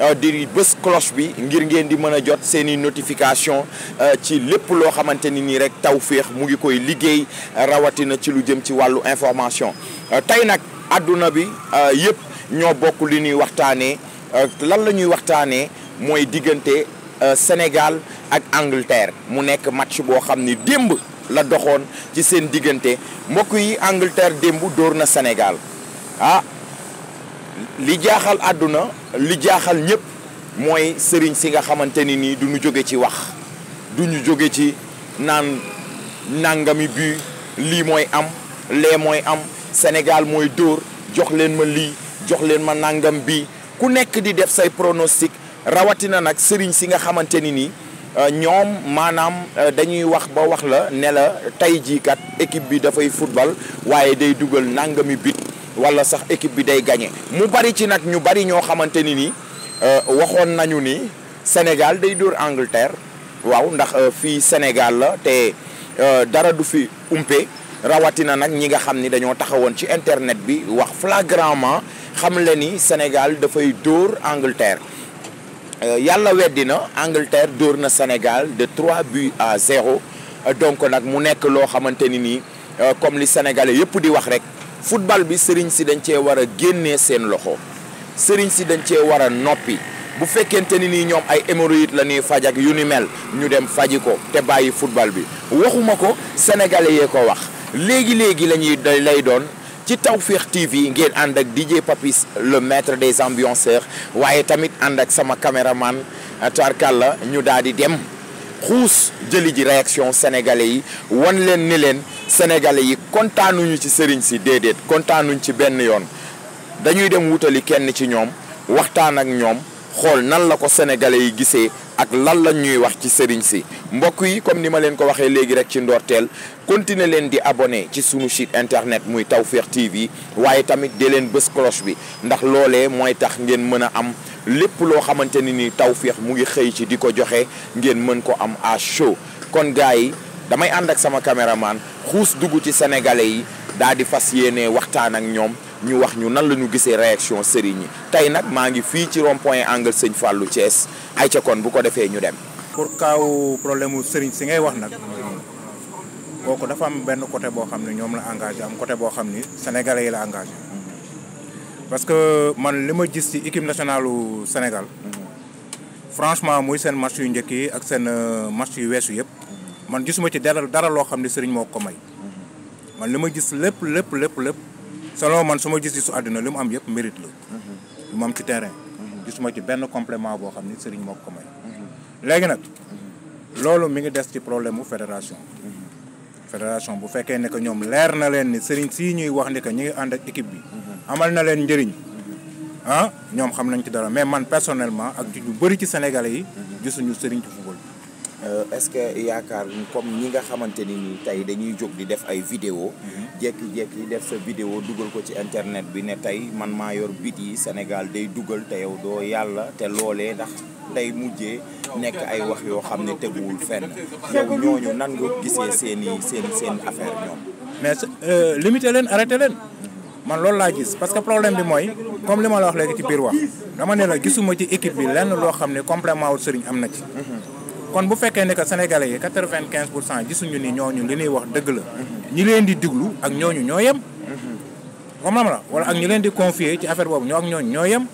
Euh, di bés cloche bi ngir ngeen di mën a jot seen i notification euh, ci lépp loo xamante ni nii rek Tawfekh mu ngi koy liggéey rawatina ci lu jëm ci wàllu information euh, tey nag àdduna bi yëpp ñoo bokk li ñuy waxtaanee lan la ñuy waxtaanee mooy diggante Sénégal ak Angleterre mu nekk match boo xam ni démb la doxoon ci seen diggante mbokk yi Angleterre démb dóor na Sénégal ah, li jaaxal àdduna li jaaxal ñëpp mooy sëriñ si nga xamante ni nii du ñu jóge ci wax du ñu jóge ci naan nangami bi lii mooy am lee mooy am Sénégal mooy dóor jox leen ma lii jox leen ma nangam bi ku nekk di def say pronostic rawatina nag sëriñ si nga xamante ni nii euh, ñoom maanaam euh, dañuy wax ba wax la ne la tey jii kat équipe bi dafay football waaye day dugal nangami bit wala sax équipe bi day gagné mu bari ci nag ñu bari ñoo xamante ni nii euh, waxoon nañu ni Sénégal day dóor Angleterre waaw ndax euh, fii Sénégal la te euh, dara du fi umpe rawatina nag ñi nga xam ni dañoo taxawoon ci internet bi wax flagramment xam le ni Sénégal dafay dóor Angleterre yàlla weddi na Angleterre dóor na Sénégal de 3 buts à 0 donc nag mu nekk loo xamante ni nii comme li Sénégalais yëpp di wax rek football bi sëriñ si dañ cee war a génnee seen loxo sëriñ si dañ cee war a noppi bu fekkente ni nii ñoom ay hémorroïdes lañuy ñuy faj ak yu ni mel ñu dem faji ko te bàyyi football bi waxuma ko sénégalais yee ko wax léegi léegi lañuy ñuy lay doon ci Tawfekh TV ngeen ànd ak DJ Papis le maître des ambianceurs waaye tamit ànd ak sama caméraman euh, tarkalla ñu daal di dem xuus jëli ji réaction sénégalais yi wan leen ni leen. sénégalais yi kontaanuñu ci sëriñ si déedéet kontaanuñu ci benn yoon dañuy dem wutali kenn ci ñoom waxtaan ak ñoom xool nan la ko sénégalais yi gisee ak lan la ñuy wax ci sëriñ si mbokk yi comme ni ma leen ko waxee léegi rek ci ndorteel continuer leen di abonné ci sunu site internet muy Tawfekh TV waaye tamit di leen bës cloche bi ndax loolee mooy tax ngeen mën a am lépp loo xamante ni ni Tawfekh mu ngi xëy ci di ko joxe ngeen mën ko am à chaud kon gars damay ànd ak sama kameraman, xuus dugg ci sénégalais yi daal di fas yéene waxtaan ak ñoom ñu wax ñu nan la ñu gisee réaction sëriñ ngi ci rond point angle sëñ Fallou Thiès ay ca kon bu ko defee ñu dem. pour kaaw problème mu sëriñ si ngay wax nag. kooku dafa am benn côté boo xam la am côté ni sénégalais yi la engagé. parce que man lima ma gis ci équipe nationale Sénégal. Mm-hmm. franchement muy seen match yu njëkk ak euh, match yu man gisuma ci dara dara loo xam ne sëriñ moo ko may man li ma gis lépp lépp lépp lépp selon man su ma gis su àddina li mu am yëpp mérite la lu mu am ci terrain gisuma ci benn complément boo xam ne sëriñ moo ko may léegi nag loolu mi ngi des ci problème mu fédération fédération bu fekkee ne que ñoom leer na leen ni sëriñ sii ñuy wax ni que ñu ngi ànd ak équipe bi amal na leen njëriñ ah ñoom xam nañ ci dara mais man personnellement ak ñu bëri ci Sénégalais yi gisuñu sëriñ ci Euh, est-ce que yaakaar comme ñi nga xamante ni nii tey dañuy jóg di def ay vidéo mhm. jékki-jékki def sa vidéo dugal ko ci internet bi ne tey man maa yor bit yi Sénégal day dugal te yow doo yàlla te loolee ndax day mujjee nekk ay wax yoo xam ne teguwul fenn yow ñooñu nan nga gisee seen i seen seen affaire ñoom mais euh, limité leen arrêté leen man loolu laa gis parce que problème bi mooy comme li ma la wax léegi ci biir wax dama ne la gisuma ci équipe bi lenn loo xam ne complément wul sëriñ am na ci mhm. kon bu fekkee ne que sénégalais yi quatre vingt quinze pour cent gisuñu ni ñooñu li ñuy wax dëgg la. ñi leen di diglu ak ñooñu ñoo yem. comme la wala ak ñi leen di confier ci affaire boobu ñoo ak ñooñu ñoo yem.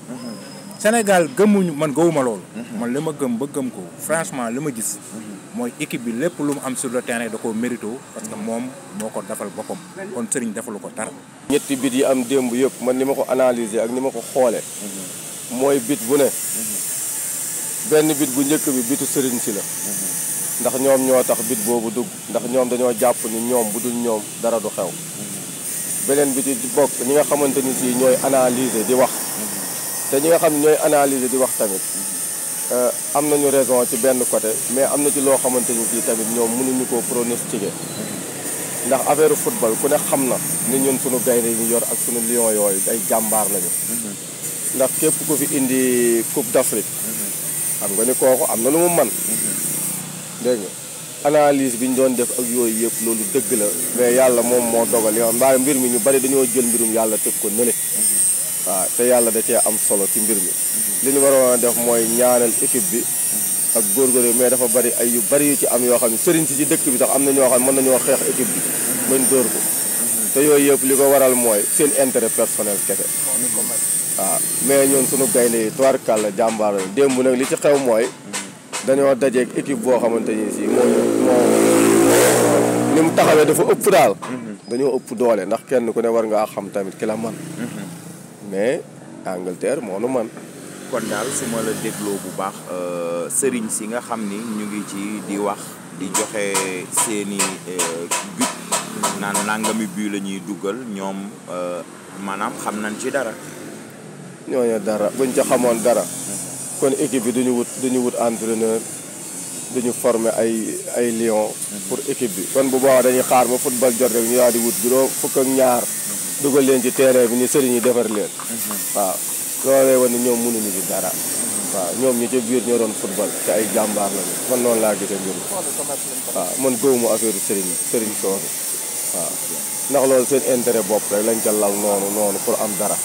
Sénégal gëmuñu man gëwuma loolu. man li ma gëm ba gëm ko franchement li ma gis. mooy équipe bi lépp lu mu am sur le terrain da ko mérito parce que moom moo ko defal boppam kon sëriñ defalu ko dara. ñetti bit yi am démb yëpp man ni ma ko analyser ak ni ma ko xoolee. Mhm. mooy bit benn bit bu njëkk bi bitu sëriñ si la ndax ñoom ñoo tax bit boobu dugg ndax ñoom dañoo jàpp ni ñoom bu dul ñoom dara du xew beneen bi ci bokk ñi nga xamante ni si ñooy analyser di wax te ñi nga xam ñooy analyser di wax tamit euh, am nañu raison ci benn côté mais am na ci loo xamante ni si tamit ñoom munuñu koo pronostiquer ndax affaire football ku ne xam na ni ñun suñu gaynde yi ñu yor ak suñu lion yooyu ay jàmbaar lañu ndax képp ku fi indi Coupe d'Afrique xam nga kooku am na lu mu man dégg nga analyse bi ñu doon def ak yooyu yëpp loolu dëgg la mais yàlla moom moo dogal yow mbaa mbir mi ñu bari dañoo jël mbirum yàlla teg ko nële waaw te yàlla da cee am solo ci mbir mi li ñu waroon a def mooy ñaanal équipe bi ak góor góorgóorlu mais dafa bari ay yu bari ci am yoo xam ne sëriñ si ci dëkk bi sax am na ñoo xam ne mën nañoo xeex équipe bi bañ dóor ko te yooyu yëpp li ko waral mooy seen intérêt personnel kese waaw ah, mais ñun sunu gaynde yi tubaarkàlla jàmbaar la démb nag li ci xew mooy dañoo dajeeg équipe boo xamante ni si moo moo ni mu taxawee dafa ëpp daal. Mhm. dañoo ëpp doole ndax kenn ku ne war ngaa xam tamit ki la man mhm. mais Angleterre moo nu man kon daal su ma la dégloo bu baax euh, sëriñ si nga xam ni ñu ngi ci di wax di joxe seeni euh, but naan nangami bii la ñuy dugal ñoom euh, maanaam xam nañ ci dara ñooñu dara buñ ca xamoon dara kon équipe bi duñu wut duñu wut entreneur duñu former ay ay lion pour équipe bi kon bu baax dañuy xaar ma football jot rek ñu daal wut juróom fukk ak ñaar dugal leen ci terrain bi ñu sëriñ yi defar leen waaw loolee wane ñoom mënuñu dara waaw ñoom ñi ca biir ñoo doon football ay jàmbaar lañu man noonu laa gisee mbir mi waaw man gëwuma affaire sëriñ sëriñ soosu waaw ndax loolu seen intérêt bopp rek lañ ca lal noonu noonu pour am dara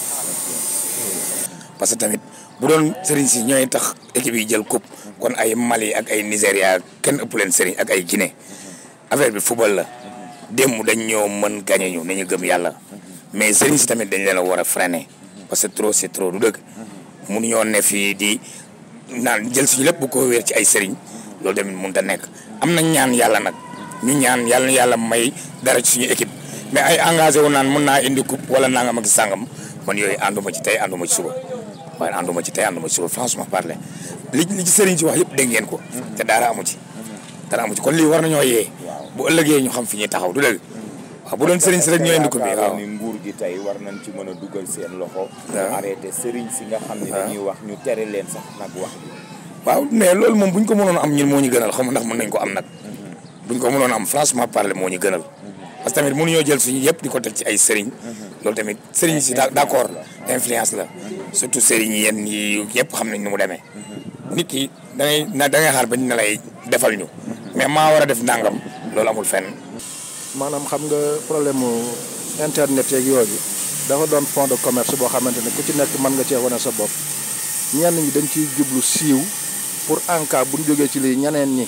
parce que tamit bu doon serigne ci ñoy tax équipe yi jël coupe kon ay Mali ak ay nigeria kenn ëpp leen serigne ak ay Guinée affaire bi football la dem dañ ñoo mën gagné ñu nañu gëm yalla mais serigne ci tamit dañ leen wara freiner parce que trop c'est trop du ne fi di naan jël suñu lepp bu ko wër ci ay serigne loolu tamit mënut ta nek am ñaan yalla nak ñu ñaan yalla yalla may dara ci suñu équipe mais ay engagé wu naan mën na indi coupe wala nangam ak sangam man yoy anduma ci tay anduma ci suba waaye ànduma ci tey ànduma ci suuf franchement parler li li ci sëriñ ci wax yëpp dégg ngeen ko. te dara amu ci. dara amu ci kon lii war nañoo yee. bu ëllëgee ñu xam fi ñuy taxaw du dëgg. waaw bu doon sëriñ si ko bi waaw ni nguur gi tey war nañ ci mën a dugal seen loxo. arrêté nga xam ne dañuy wax ñu tere leen sax nag wax bi. waaw loolu moom bu ñu ko mënoon am ñun moo ñu gënal xam ndax mën nañ ko am nag. Mhm. bu ñu ko mënoon am franchement parler moo ñu gënal. Mhm. parce que tamit mënuñoo jël suñu yëpp di ko teg ci ay sëriñ. Mhm. loolu tamit sëriñ si d'accord influence la surtout sëriñ yenn yi yëpp xam nañ ni mu demee nit ki da ngay na da ngay xaar bañ na lay defal ñu mais ma wara def nangam loolu amul fenn manam xam nga problème mu internet yeeg yooyu dafa doon fond de commerce bo xamanteni ku ci nekk man nga ci wane sa bop ñenn ñi dañ ci jublu siiw pour en cas bu joggé ci li ñaneen ñi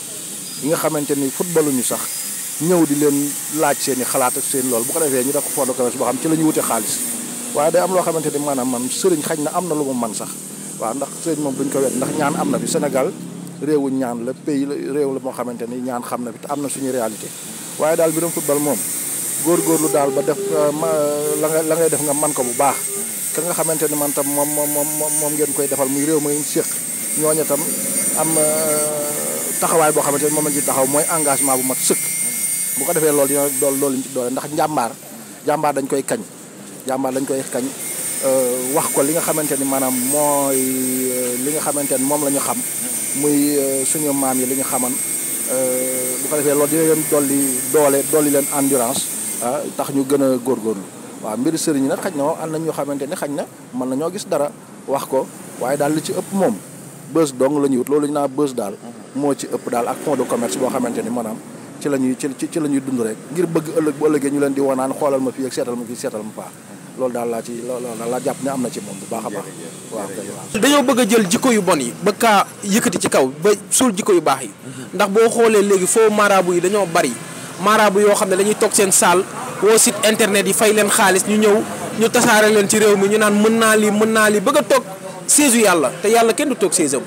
yi nga xamanteni football ñu sax ñew di leen laaj seen xalaat ak seen lool bu ko defé ñu da ko fond de commerce bo xam ci lañu wuté xaaliss waaye day am loo xamante ni maanaam man sëriñ xaj na am na lu mu man sax waaw ndax sëriñ moom duñ ko wet ndax ñaan am na fi Sénégal réewu ñaan la pays réew la moo xamante ni ñaan xam na fi te am na suñu réalité waaye daal bi mbirum football moom góor góorgóorlu daal ba def euh, euh, la la ngay def nga man ko bu baax ka nga xamante ni man tam moom moom moom ngeen koy defal muy réew ma ngeen séq ñooñu tam am euh, taxawaay boo xamante ni moom lañ ci taxaw mooy engagement bu mag sëkk bu ko defee loolu dina dool loolu doole ndax njàmbaar jàmbaar dañ koy kañ jàmbaar lañ koy xagn euh wax ko li nga xamanteni manam moy euh, li nga xamanteni mom lañu xam muy euh, suñu mam yi li ñu euh bu ko defé loolu dina leen dolli dolé dolli leen endurance ah, tax ñu gëna gor gor wa mbir sëriñ nak xaj na am nañu xamanteni xamante ni xaj na mën nañoo gis dara wax ko waye dal li ci ëpp mom bëss dong lañu wut loolu ñu naa bës daal moo ci ëpp dal ak fond de commerce bo xamanteni manam ci lañuy ci ci la dund rek ngir bëgg ëlëk bu ëlëgé ñu leen di wanaan xolal ma fi ak sétal ma fi sétal ma paa loolu daal laa ci loolu daal laa jàpp ne am na ci moom bu baax a baax waaw kay dañoo bëgg a jël jikko yu bon yi ba kaa yëkkati ci kaw ba suul jikko yu baax yi mhm. ndax boo xoolee léegi foo maraabu yi dañoo bari maraabu yoo xam ne dañuy toog seen saal woo site internet yi fay leen xaalis ñu ñëw ñu tasaare leen ci réew mi ñu naan mën naa lii mën naa lii bëgg a toog séesu yàlla te yàlla kenn du toog séesam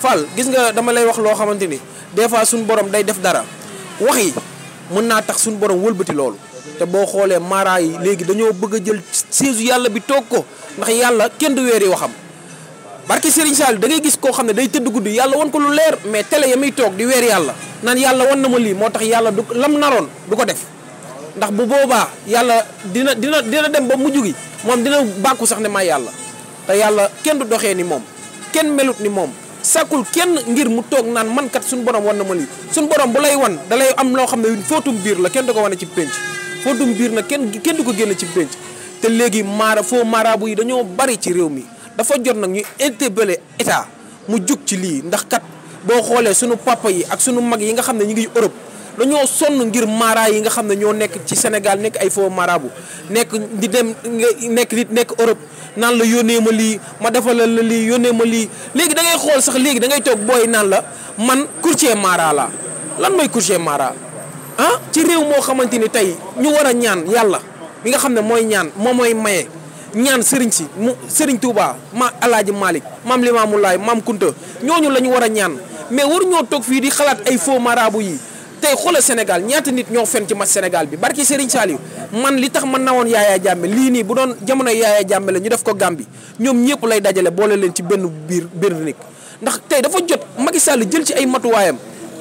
Fall gis nga dama lay wax loo xamante ni des fois suñu borom day def dara wax yi mën naa tax suñu borom wëlbati loolu te bo xolé mara yi legui dañu bëgg jël séesu yalla bi toog ko ndax yalla kenn du weeri waxam barki Serigne Sall da ngay gis ko xamne day teud guddi yalla won ko lu leer mais télé yamay tok di weer yalla nan yalla won na ma li motax yalla du lam naron du ko def ndax bu boba yalla dina dina dina dem ba mujju gi mom dina bàkku sax ne ma yalla te yalla kenn du doxé ni mom kenn melut ni mom sakul kenn ngir mu tok nan man kat sun borom won na ma li sun borom bu lay won dalay am lo xamne fotum bir la kenn du ko wone ci pench foddum biir na kenn kenn du ko génn ci pénc te léegi maara foo maaraabu yi dañoo bari ci réew mi dafa jot nag ñu interpellé état mu jug ci lii ndax kat boo xoolee sunu papa yi ak suñu mag yi nga xam ne ñu ngi Europe dañoo sonn ngir mara yi nga xam ne ñoo nekk ci Sénégal nekk ay faux marabu nekk di dem nekk nit nekk Europe naan la yónnee ma lii ma defalal la lii yónnee ma lii léegi dangay xool sax léegi da ngay toog booy naan la man courtier mara lan mooy courtier mara ah ci réew moo xamante ni tey ñu war a ñaan yàlla bi nga xam ne mooy ñaan moom mooy maye ñaan sëriñ si mu sëriñ Touba ma alaaji Malick maam Limaamu Laay maam Kunta ñooñu la ñu war a ñaan mais waru ñoo toog fii di xalaat ay faux marabu yi tey xoolal Sénégal ñaata nit ñoo fen ci ma Sénégal bi barki Serigne Saliou man li tax man na woon Yaya Jammeh lii nii bu doon jamono Yaya Jammeh la ñu def ko Gambie ñoom ñëpp lay dajale boole leen ci benn biir benn nekk ndax tey dafa jot Macky Sall jël ci ay matuwaayam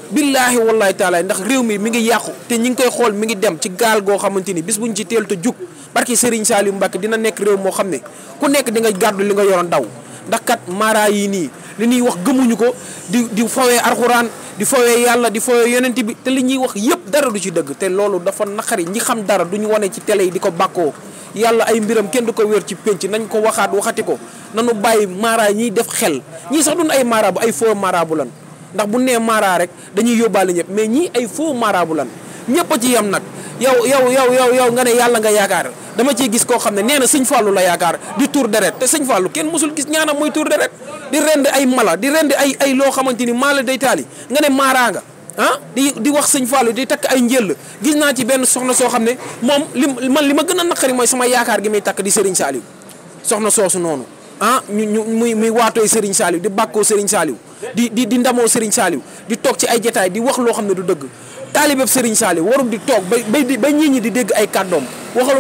billaahi wallaahi taala ndax réew mi mi ngi yàqu te ñi ngi koy xool mi ngi dem ci gaal goo xamante ni bis buñ ci teel te jug barki Serigne Saliou Mbacke dina nekk réew moo xam ne ku nekk di nga gàddu li nga yoroon daw ndax kat mara yi nii li ñuy wax gëmuñu ko di di fowee arxuraan di fowee yàlla di fowee yonent bi te li ñuy wax yëpp dara du ci dëgg te loolu dafa naqari ñi xam dara du ñu wane ci télé yi di ko bàkkoo yàlla ay mbiram kenn du ko wér ci pénc nañ ko waxaat waxati ko nanu bàyyi mara ñiy def xel ñii sax duñ ay mara ay foo mara bu lan ndax bu nee maaraa rek dañuy yóbbaale ñëpp mais ñi ay foo marabu lan ñëpp a ci yam nag yow yow yow yow yow nga ne yàlla nga yaakaar dama ciy gis koo xam ne nee na sëñ Fallou la yaakaar di tour deret te sëñ Fallou kenn mosul gis ñaanam muy tour deret di rend ay mala di rend ay ay loo xamante ni maa la day taali nga ne maaraa nga ah di di wax sëñ Fallou di takk ay njël gis naa ci benn soxna soo xam ne moom li ma li ma gën a naqari mooy sama yaakaar gi muy takk di Serigne Saliou soxna soosu noonu ah ñu ñu muy muy waatooy Serigne Saliou di bàkkoo Serigne Saliou di di di ndamoo Serigne di toog ci ay jataay di wax loo xam ne du dëgg taalibeb Serigne Saliou warul di toog bay bay bay ñii ñi di dégg ay kàddoom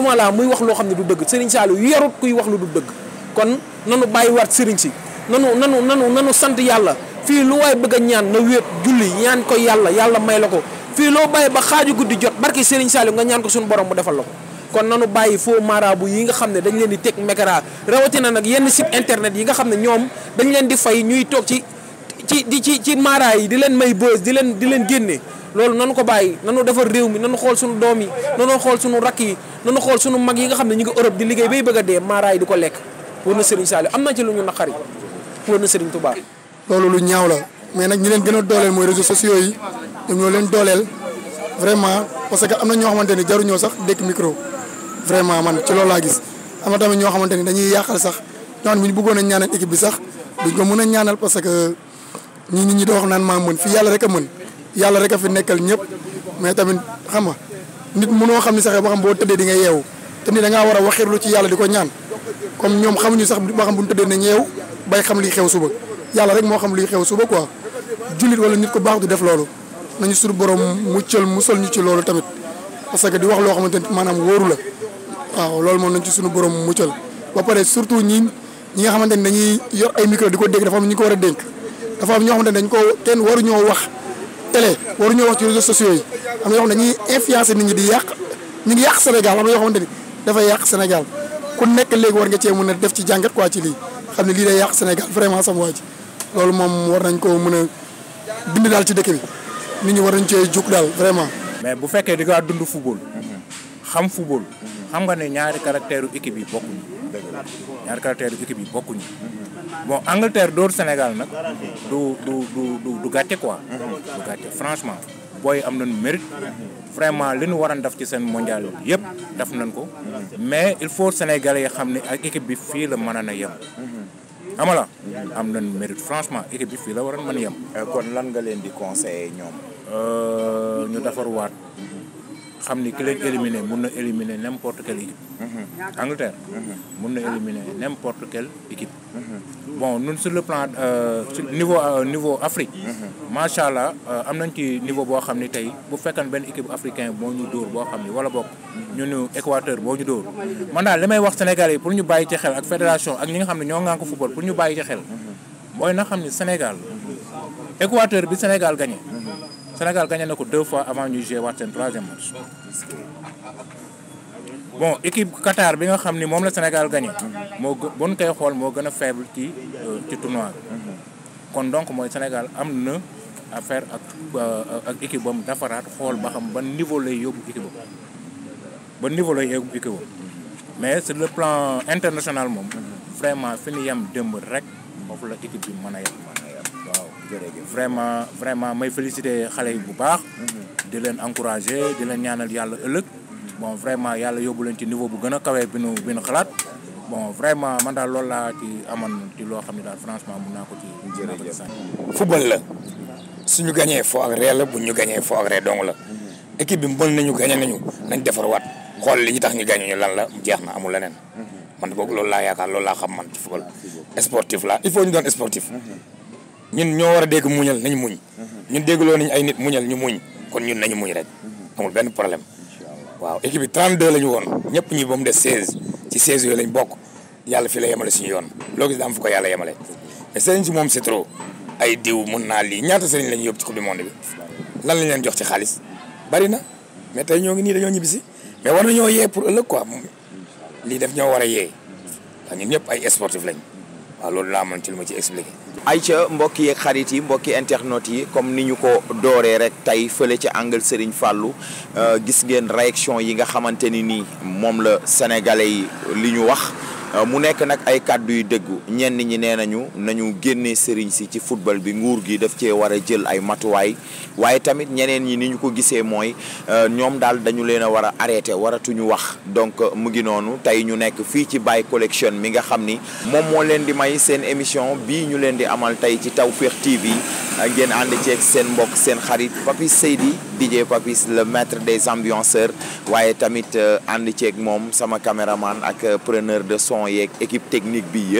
ma laa muy wax loo xam ne du dëgg Serigne Saliou yarut kuy wax lu du dëgg kon nanu bàyyi waat Serigne si nanu nanu nanu nanu sant yàlla fii lu waay bëgg a ñaan na wéet julli ñaan ko yàlla yàlla may la ko fii loo bàyyi ba xaaju guddi jot barki Serigne Saliou nga ñaan ko borom mu defal kon nanu bàyyi faux marabout yi nga xam ne dañu leen di teg mékara rawatina nag yenn site internet yi nga xam ne ñoom dañu leen di fay ñuy toog ci ci di ci ci mara yi di leen may bës di leen di leen génne loolu nanu ko bàyyi nanu defar réew mi nanu xool suñu doom yi nanu xool suñu rakk yi nanu xool suñu mag yi nga xam ne ñu ngi Europe di liggéey bay bëgg dee mara yi ko lekk wër na Serigne am na ci lu ñu naqari wër na Serigne Touba lu ñaaw la mais nag ñi leen gën a dooleel mooy réseaux sociaux yi ñoom ñoo leen dooleel vraiment parce que am na ñoo xamante ni jaruñoo sax dégg micro vraiment man ci loolu laa gis am na tamit ñoo xamanteni dañuy yàqal sax ñoon buñu ne bëggoon a ñaanal équipe bi sax duñ ko mën a ñaanal parce que ñi nit ñi di wax naan maa mën fii yàlla rek a mën yàlla rek a fi nekkal ñëpp mais tamit xam nga nit mënoo xam ni sax ba xam boo tëddee di nga yeewu te ni da ngaa war a waxirlu ci yàlla di ko ñaan comme ñoom xamuñu sax ba xam bu ñu tëddee ne ñeew bay xam liy xew suba yàlla rek moo xam liy xew suba quoi jullit wala nit ko baax du def loolu nañu sur borom muccal musal ñu ci loolu tamit parce que di wax loo xamante ni maanaam la waaw loolu moom nañ ci suñu borom muccal ba pare surtout ñi ñi nga xamante ne dañuy yor ay micro di ko dégg dafa am ñu ko war a dénk dafa am ñoo xamante ne dañ ko kenn waruñoo wax télé waruñoo wax ci réseaux sociaux yi am na yoo xam ne dañuy nit ñi di yàq ñu ngi yàq Sénégal am na yoo xamante ni dafay yàq Sénégal ku nekk léegi def ci jàngat quoi ci lii xam ne lii day yàq Sénégal vraiment sama waa ji loolu moom war nañ koo mën a bind daal ci dëkk bi nit ñi war nañ mais bu fekkee di football mhm. xam football. xam nga ne ñaari caractère yu équipe yi bokkuñu. ñaari caractère yu équipe yi bokkuñu. bon Angleterre dóor Sénégal nag du du du du gàcce quoi. du gàcce franchement booy am nañu mérite. vraiment li ñu waroon def ci seen mondial yëpp def nañ ko. mais il faut Sénégalais yi xam ne ak équipe bi fii la mën a yem. xam la am nañu mérite franchement équipe bi fii la waroon mën a yem. Euh, kon lan nga leen di conseiller ñoom. Euh, ñu defar xam ni ki leen mun na éliminer n'importe quelle équipe. Mm-hmm. Angleterre. Mm-hmm. mun na éliminer n'importe quelle équipe. Mm-hmm. bon ñun sur le plan euh, sur niveau euh, niveau Afrique. macha allah euh, am nañ ci niveau boo xam ni tey bu fekkan benn équipe africain moo ñu dóor boo xam ni wala bokk ñu ñu Équateur boo ñu dóor. man daal li may wax Sénégal yi pour ñu bàyyi ci xel ak fédération ak ñi nga xam ne ñoo ŋànk football pour ñu bàyyi ci xel. mooy na xam ni Sénégal Équateur bi Sénégal gagné. Sénégal gagné na ko deux fois avant de jouer waat seen troisième match bon équipe Qatar bi nga xam ni moom la Sénégal gagné moo gë bu ñu koy xool faible ci euh, ci tournoi bi donc mooy Sénégal am na affaire avec euh, ak équipe bam defaraat xool ba xam ban niveau lay yóbbu équipe bam ba niveau lay yóbbu équipe bam mais sur le plan international moom vraiment fi ñu yem démb rek foofu la équipe bi mën a jërëjëf vraiment vraiment may féliciter xale yi bu baax. Mhm. di leen encourager di leen ñaanal yàlla ëllëg. bon vraiment yàlla yóbbu leen ci niveau bu gën a kawee bi nu bi nu xalaat. bon vraiment man daal loolu laa ci amoon ci loo xam ne daal franchement mun naa ko ci. jërëjëf football la suñu gañee foo ak ree la bu ñu gañee foo ak ree dong la. Mhm. équipe bi mën nañu nañu nañ defarwaat xool li ñu tax ñu ñu lan la jeex na amul leneen. Mhm. man boog loolu laa yaakaar loolu laa xam man ci football sportif la il faut ñu doon sportif. ñun ñoo war a dégg muñal nañu muñ mhm. ñun déggloo nañ ay nit muñal ñu muñ kon ñun nañu muñ rek mhm. amul benn problème waaw équipe bi 32 la ñu woon ñëpp ñi ba mu des 16 ci 16 yooyu lañ bokk yàlla fi la yemale suñu yoon loo gis daa ko yàlla yemale mais sëriñ si moom ay diw mun naa lii ñaata sëriñ lañu yóbbu ci coupe du lan lañ leen jox ci xaalis bari na mais ñoo ngi nii dañoo ñibbisi mais war nañoo yee pour ëllëg quoi lii def ñoo war a yee waaw ñun ñëpp ay sportif lañ waaw loolu laa amoon ci lu ma ci expliqué ay ca mbokk yeeg xarit yi mbokki internet yi comme ni ñu ko dooree rek tey fële ci angle Serigne Fallou euh, gis ngeen réaction yi nga xamante ni nii moom la sénégalais yi li ñu wax Euh, mu nekk nag ay kàddu yu déggu ñenn ñi nee nañu nañu génne sëriñ si ci football bi nguur gi daf cee war a jël ay matuwaay waaye tamit ñeneen ñi ni ñu ko gisee mooy euh, ñoom daal dañu leen a war a arrêté waratuñu wax donc euh, mu ngi noonu tey ñu nekk fii ci Baye Collection mi nga xam ni moom moo leen di may seen émission bii ñu leen di amal tey ci taw Tawfekh TV Again, ngeen ànd Sen seen mbokk seen Papis Seydi DJ Papis le maître des ambianceurs waaye tamit euh, ànd ceeg moom sama caméraman ak euh, preneur de son et équipe technique bi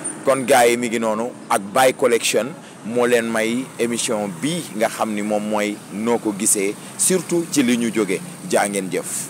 kon gars yi mi ngi noonu ak Baye Collection moo leen may émission bii nga xam ni moom mooy noo ko gisee surtout ci li ñu jóge jaa ngeen jëf